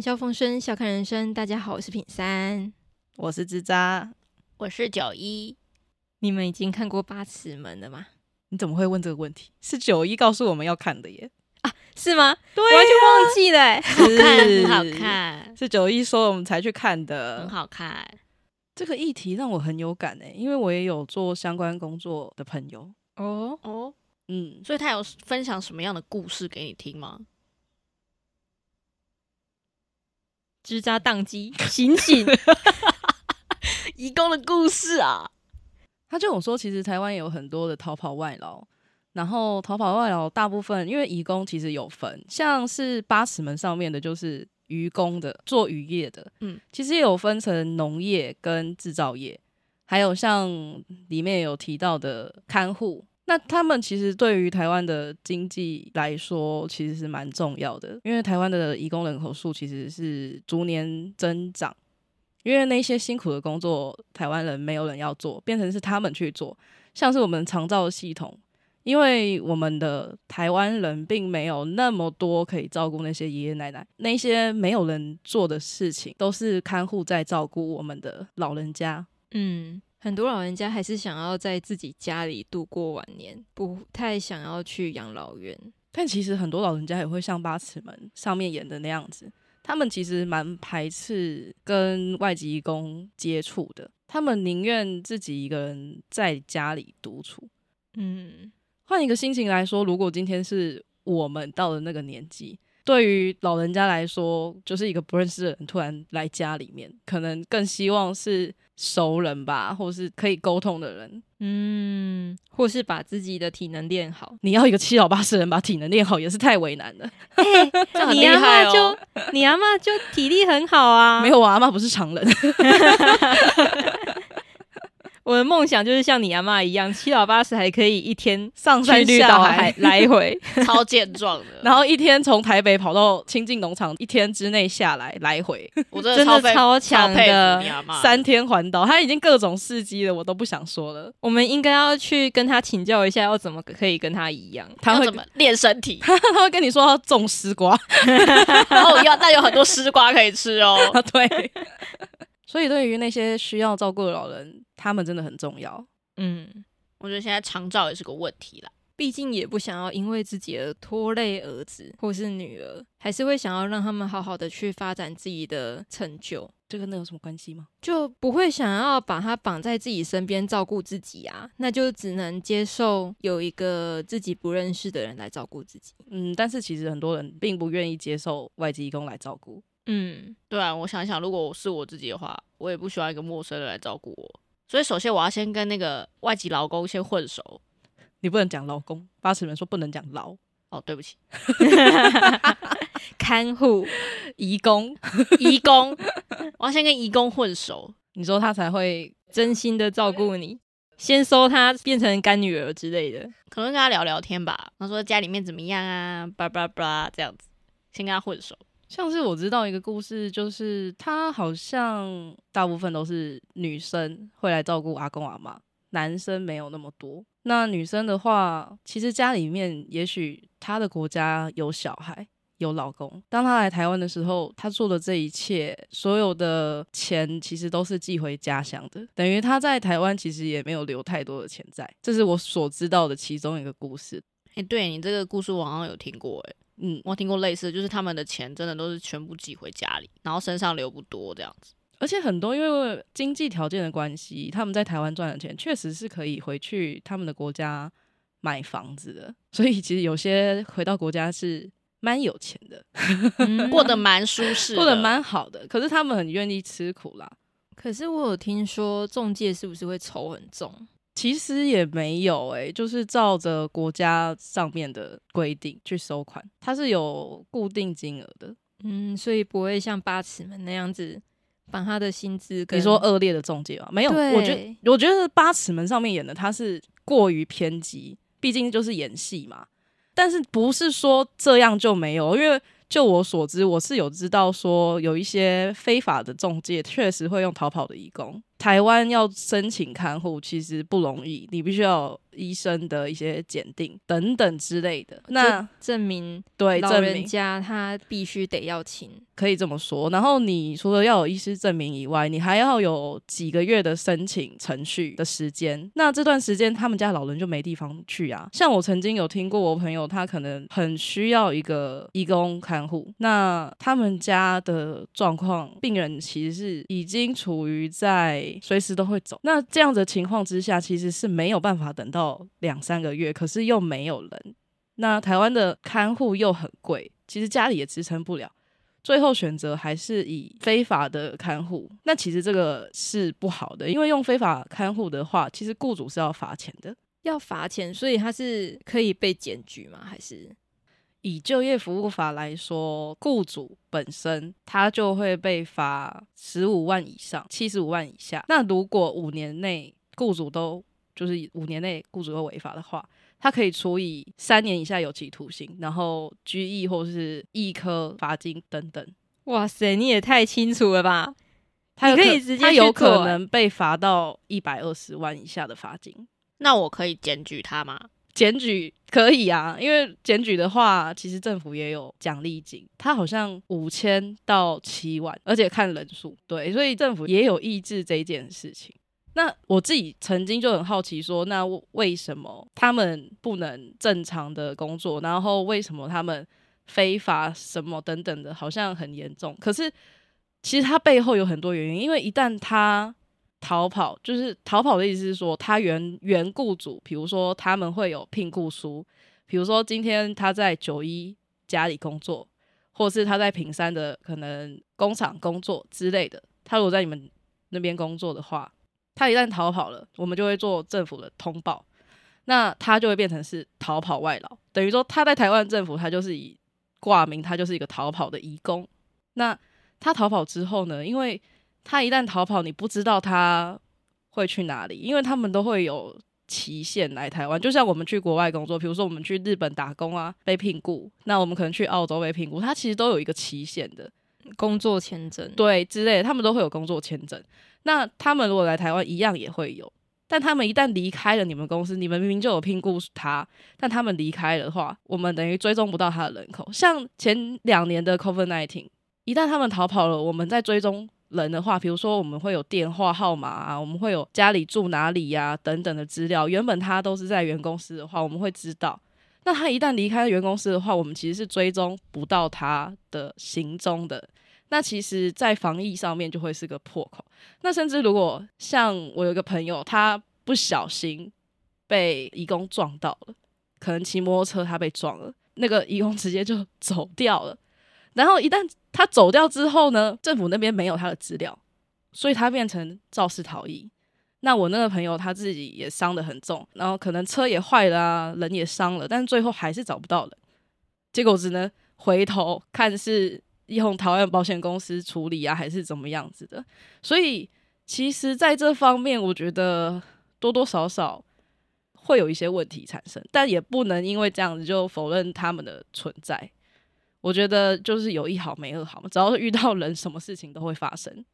笑瘋生，笑看人生。大家好，我是品三，我是吱喳，我是九一。你們已經看過八尺門了嗎？你怎麼會問這個問題？是九一告訴我們要看的耶！啊，是嗎？對、啊，完全忘記了。好看不好看？是九一說我們才去看的，很好看。這個議題讓我很有感誒，因為我也有做相關工作的朋友哦哦，嗯，所以他有分享什麼樣的故事給你聽嗎？吱喳宕機，醒醒！移 工的故事啊，他就有說，其實台灣有很多的逃跑外勞，然後逃跑外勞大部分因為移工其實有分，像是八尺門上面的就是漁工的做漁業的，嗯，其實也有分成農業跟製造業，還有像裡面有提到的看護。那他們其實對於台灣的經濟來說，其實是蠻重要的，因為台灣的移工人口數其實是逐年增長，因為那些辛苦的工作，台灣人沒有人要做，變成是他們去做，像是我們長照系統，因為我們的台灣人並沒有那麼多可以照顧那些爺爺奶奶，那些沒有人做的事情，都是看護在照顧我們的老人家，嗯。很多老人家還是想要在自己家裡度過晚年，不太想要去養老院。但其實很多老人家也會像《八尺門》上面演的那樣子，他們其實蠻排斥跟外籍工接觸的，他們寧願自己一個人在家裡獨處。嗯，換一個心情來說，如果今天是我們到了那個年紀。對於老人家來說，就是一個不認識的人突然來家裡面，可能更希望是熟人吧，或是可以溝通的人。嗯，或是把自己的體能練好。你要一個七老八十人把體能練好，也是太為難了。你阿嬤，就你阿嬤就體力很好啊！ 沒有，我阿嬤不是常人。 夢想就是像你阿媽一樣，七老八十還可以一天上山下海來回， 超健壯的。 然後一天從台北跑到清境農場，一天之內下來來回，我真的超強 的,的,的。三天環島，他已經各種事蹟了，我都不想說了。我們應該要去跟他請教一下，要怎麼可以跟他一樣？他會要怎麼練身體？他會跟你說要種絲瓜，然後要，那有很多絲瓜可以吃哦。 對。所以，對於那些需要照顧的老人，他們真的很重要。嗯，我覺得現在長照也是個問題啦。畢竟也不想要因為自己而拖累兒子或是女兒，還是會想要讓他們好好的去發展自己的成就。這跟那有什麼關係嗎？就不會想要把他綁在自己身邊照顧自己啊，那就只能接受有一個自己不認識的人來照顧自己。嗯，但是其實很多人並不願意接受外籍移工來照顧。嗯，對啊，我想想，如果我是我自己的話，我也不需要一個陌生人來照顧我。所以，首先我要先跟那個外籍勞工先混熟。你不能講老公，八尺門說不能講勞，哦，對不起。 看護、移工、移工，我要先跟移工混熟，你說他才會真心的照顧你。先收他變成乾女兒之類的，可能跟他聊聊天吧。他說家裡面怎麼樣啊？叭叭叭，這樣子，先跟他混熟。像是我知道一個故事，就是她好像大部分都是女生會來照顧阿公阿媽，男生沒有那麼多。那女生的話，其實家裡面也許她的國家有小孩有老公，當她來台灣的時候，她做的這一切，所有的錢其實都是寄回家鄉的，等於她在台灣其實也沒有留太多的錢在。這是我所知道的其中一個故事。對你這個故事，我好像有聽過，哎，嗯，我聽過類似的，就是他們的錢真的都是全部寄回家裡，然後身上留不多這樣子。而且很多因為經濟條件的關係，他們在台灣賺的錢確實是可以回去他們的國家買房子的，所以其實有些回到國家是蠻有錢的，嗯、 過得蠻舒適，過得蠻好的。可是他們很願意吃苦啦。可是我有聽說仲介是不是會抽很重？其實也沒有哎、欸，就是照着國家上面的規定去收款，它是有固定金額的，嗯，所以不會像八尺門那樣子把他的薪資。你說惡劣的中介嗎？沒有，對我覺得我覺得八尺門上面演的他是過於偏激，畢竟就是演戲嘛。但是不是說這樣就沒有？因為就我所知，我是有知道說有一些非法的中介確實會用逃跑的移工。台灣要申請看護其實不容易，你必須要。醫生的一些鑑定等等之類的，那證明對老人家他必須得要請，可以這麼說。然後你除了要有醫師證明以外，你還要有幾個月的申請程序的時間。那這段時間他們家老人就沒地方去啊。像我曾經有聽過我朋友，他可能很需要一個移工看護。那他們家的狀況，病人其實是已經處於在隨時都會走。那這樣的情況之下，其實是沒有辦法等到。到兩三個月，可是又沒有人。那台灣的看護又很貴，其實家裡也支撐不了。最後選擇還是以非法的看護。那其實這個是不好的，因為用非法看護的話，其實雇主是要罰錢的。要罰錢。所以他是可以被檢舉嗎？還是以就業服務法來說，雇主本身他就會被罰十五萬以上，七十五萬以下。那如果五年內雇主都就是五年內雇主若違法的話，他可以處以三年以下有期徒刑，然後拘役或是併科罰金等等。哇塞，你也太清楚了吧？他有可，可以直接、欸、他有可能被罰到一百二十萬以下的罰金。那我可以檢舉他嗎？檢舉可以啊，因為檢舉的話，其實政府也有獎勵金，他好像五千到七萬，而且看人數。對，所以政府也有抑制這件事情。那我自己曾經就很好奇，說那為什麼他們不能正常的工作？然後為什麼他們非法什麼等等的，好像很嚴重。可是其實他背後有很多原因，因為一旦他逃跑，就是逃跑的意思是說，他原原雇主，比如說他們會有聘僱書，比如說今天他在九一家裡工作，或是他在坪山的可能工廠工作之類的。他如果在你們那邊工作的話，他一旦逃跑了，我們就會做政府的通報，那他就會變成是逃跑外勞，等於說他在台灣政府，他就是以掛名，他就是一個逃跑的移工。那他逃跑之後呢，因為他一旦逃跑，你不知道他會去哪裡，因為他們都會有期限來台灣。就像我們去國外工作，比如說我們去日本打工啊，被聘僱，那我們可能去澳洲被聘僱，他其實都有一個期限的。工作簽證對之類的，他們都會有工作簽證。那他們如果來台灣，一樣也會有。但他們一旦離開了你們公司，你們明明就有聘僱他，但他們離開了的話，我們等於追蹤不到他的人口。像前兩年的 COVID-19，一旦他們逃跑了，我們在追蹤人的話，比如說我們會有電話號碼啊，我們會有家裡住哪裡呀、啊、等等的資料。原本他都是在原公司的話，我們會知道。那他一旦離開了原公司的話，我們其實是追蹤不到他的行蹤的。那其實，在防疫上面就會是個破口。那甚至如果像我有一個朋友，他不小心被移工撞到了，可能騎摩托車他被撞了，那個移工直接就走掉了。然後一旦他走掉之後呢，政府那邊沒有他的資料，所以他變成肇事逃逸。那我那個朋友他自己也傷得很重，然後可能車也壞了啊，人也傷了，但最後還是找不到了，結果只能回頭看是。用台灣的保險公司處理啊，還是怎麼樣子的？所以其實，在這方面，我覺得多多少少會有一些問題產生，但也不能因為這樣子就否認他們的存在。我覺得就是有一好沒二好嘛，只要遇到人，什麼事情都會發生。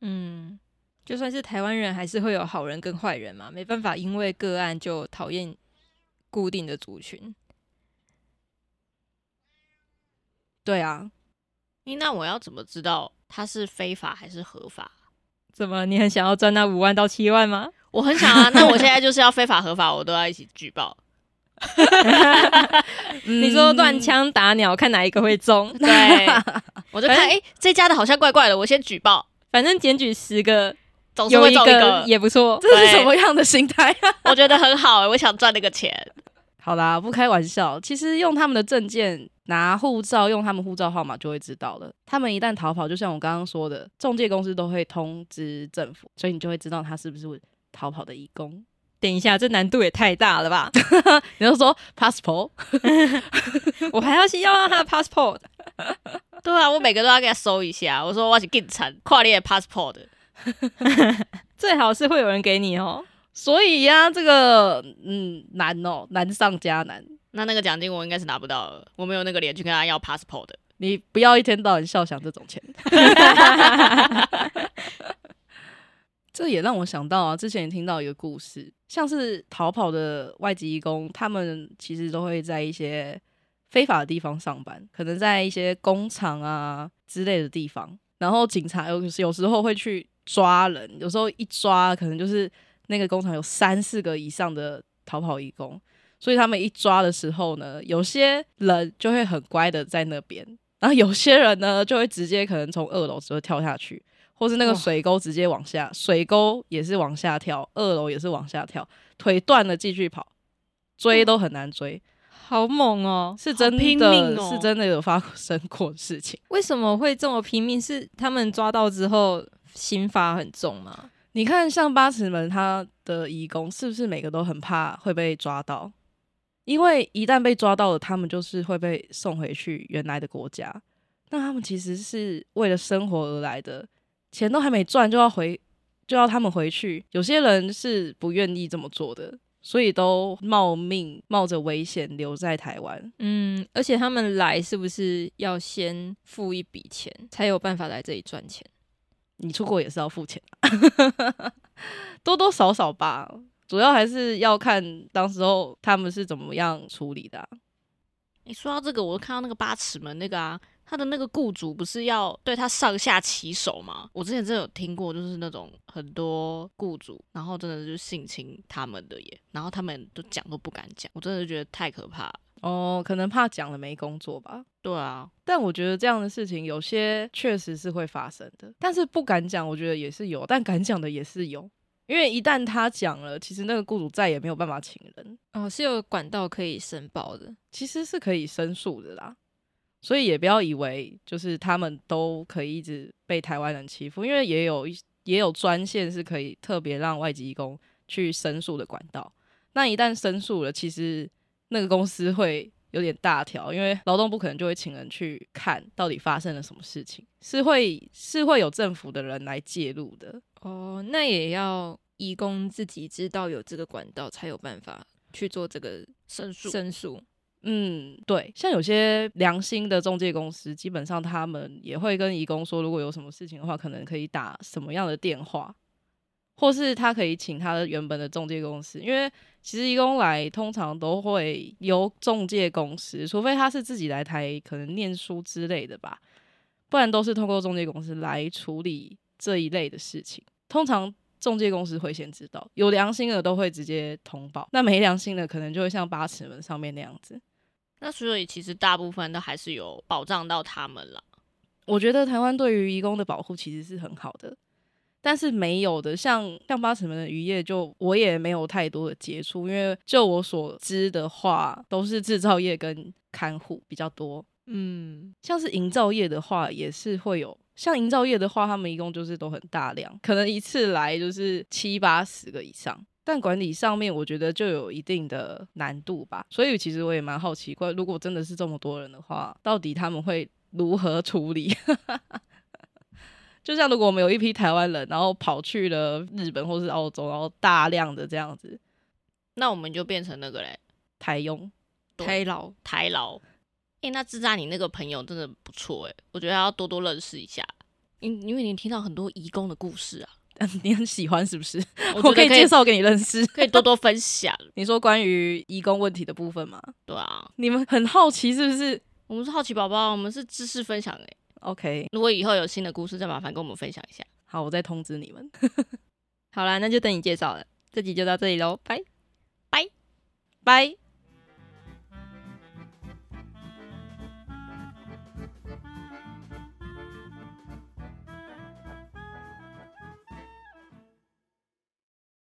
嗯，就算是台灣人，還是會有好人跟壞人嘛，沒辦法，因為個案就討厭固定的族群。對啊。你那，我要怎麼知道它是非法還是合法？怎麼你很想要賺那五萬到七萬嗎？我很想啊，那我現在就是要非法合法，我都要一起舉報。 嗯、你說亂槍打鳥，看哪一個會中？對，我就看，哎，正，欸、這家的好像怪怪的，我先舉報。反正檢舉十個，總是會中一個，一個也不錯。對這是什麼樣的心態？ 我覺得很好、欸，我想賺那個錢。好啦，不開玩笑，其實用他們的證件。拿護照用他們護照號碼就會知道了。他們一旦逃跑，就像我剛剛說的，中介公司都會通知政府，所以你就會知道他是不是逃跑的移工。等一下，這難度也太大了吧？ 你要說 passport， 我還要去要他的 passport。 對啊，我每個都要給他搜一下。我說我要去進城跨列 passport， 最好是會有人給你哦。所以呀、啊，這個嗯難哦、喔，難上加難。那那個獎金我應該是拿不到了，我沒有那個臉去跟他要 passport 的。你不要一天到晚笑想這種錢。 這也讓我想到啊，之前也聽到一個故事，像是逃跑的外籍移工，他們其實都會在一些非法的地方上班，可能在一些工廠啊之類的地方。然後警察，有有時候會去抓人，有時候一抓，可能就是那個工廠有三四個以上的逃跑移工。所以他們一抓的時候呢，有些人就會很乖的在那邊，然後有些人呢就會直接可能從二樓直接跳下去，或是那個水溝直接往下，哦、水溝也是往下跳，二樓也是往下跳，腿斷了繼續跑，追都很難追，哦、好猛哦，是真的，拼命哦、是真的有發生過的事情。為什麼會這麼拼命，是他們抓到之後刑罰很重嗎？你看像八尺門他的移工，是不是每個都很怕會被抓到？因為一旦被抓到了，他們就是會被送回去原來的國家。那他們其實是為了生活而來的，錢都還沒賺就要回，就要他們回去。有些人是不願意這麼做的，所以都冒命冒着危險留在台灣。嗯，而且他們來是不是要先付一筆錢，才有辦法來這裡賺錢？你出國也是要付錢啊， 多多少少吧。主要還是要看當時候他們是怎麼樣處理的啊。你說到這個，我就看到那個八尺門那個啊，他的那個僱主不是要對他上下其手嗎？我之前真的有聽過，就是那種很多僱主，然後真的就性侵他們的耶。然後他們都講都不敢講，我真的覺得太可怕哦。可能怕講了沒工作吧？對啊，但我覺得這樣的事情有些確實是會發生的，但是不敢講，我覺得也是有，但敢講的也是有。因為一旦他講了，其實那個僱主再也沒有辦法請人。哦，是有管道可以申報的，其實是可以申訴的啦。所以也不要以為就是他們都可以一直被台灣人欺負，因為也有一也有專線是可以特別讓外籍移工去申訴的管道。那一旦申訴了，其實那個公司會有點大條，因為勞動部可能就會請人去看到底發生了什麼事情，是會是會有政府的人來介入的。哦，oh, 那也要移工自己知道有這個管道，才有辦法去做這個申訴。申訴，嗯，對，像有些良心的仲介公司，基本上他們也會跟移工說，如果有什麼事情的話，可能可以打什麼樣的電話，或是他可以請他的原本的仲介公司，因為其實移工來通常都會由仲介公司，除非他是自己來台，可能念書之類的吧，不然都是通過仲介公司來處理這一類的事情。通常仲介公司會先知道，有良心的都會直接通報，那沒良心的可能就會像八尺門上面那樣子。那所以其實大部分都還是有保障到他們啦。我覺得台灣對於移工的保護其實是很好的，但是沒有的，像像八尺門的漁業，就我也沒有太多的接觸，因為就我所知的話，都是制造業跟看護比較多。嗯，像是營造業的話，也是會有。像營造業的話，他們一共就是都很大量，可能一次來就是七八十個以上。但管理上面，我覺得就有一定的難度吧。所以其實我也蠻好奇怪，如果真的是這麼多人的話，到底他們會如何處理？ 就像如果我們有一批台灣人，然後跑去了日本或是澳洲，然後大量的這樣子，那我們就變成那個嘞，台傭用、對台勞、台勞。哎、欸，那志在你那個朋友真的不錯哎、欸，我覺得要多多認識一下。因因為你聽到很多移工的故事啊，嗯，你很喜歡是不是？我可，我可以介紹給你認識，可以多多分享。 你說關於移工問題的部分嗎？對啊，你們很好奇是不是？我們是好奇寶寶，我們是知識分享哎、欸。OK，如果以後有新的故事，再麻煩跟我們分享一下。好，我再通知你們。 好啦，那就等你介紹了。這集就到這裡嘍，拜拜拜。Bye Bye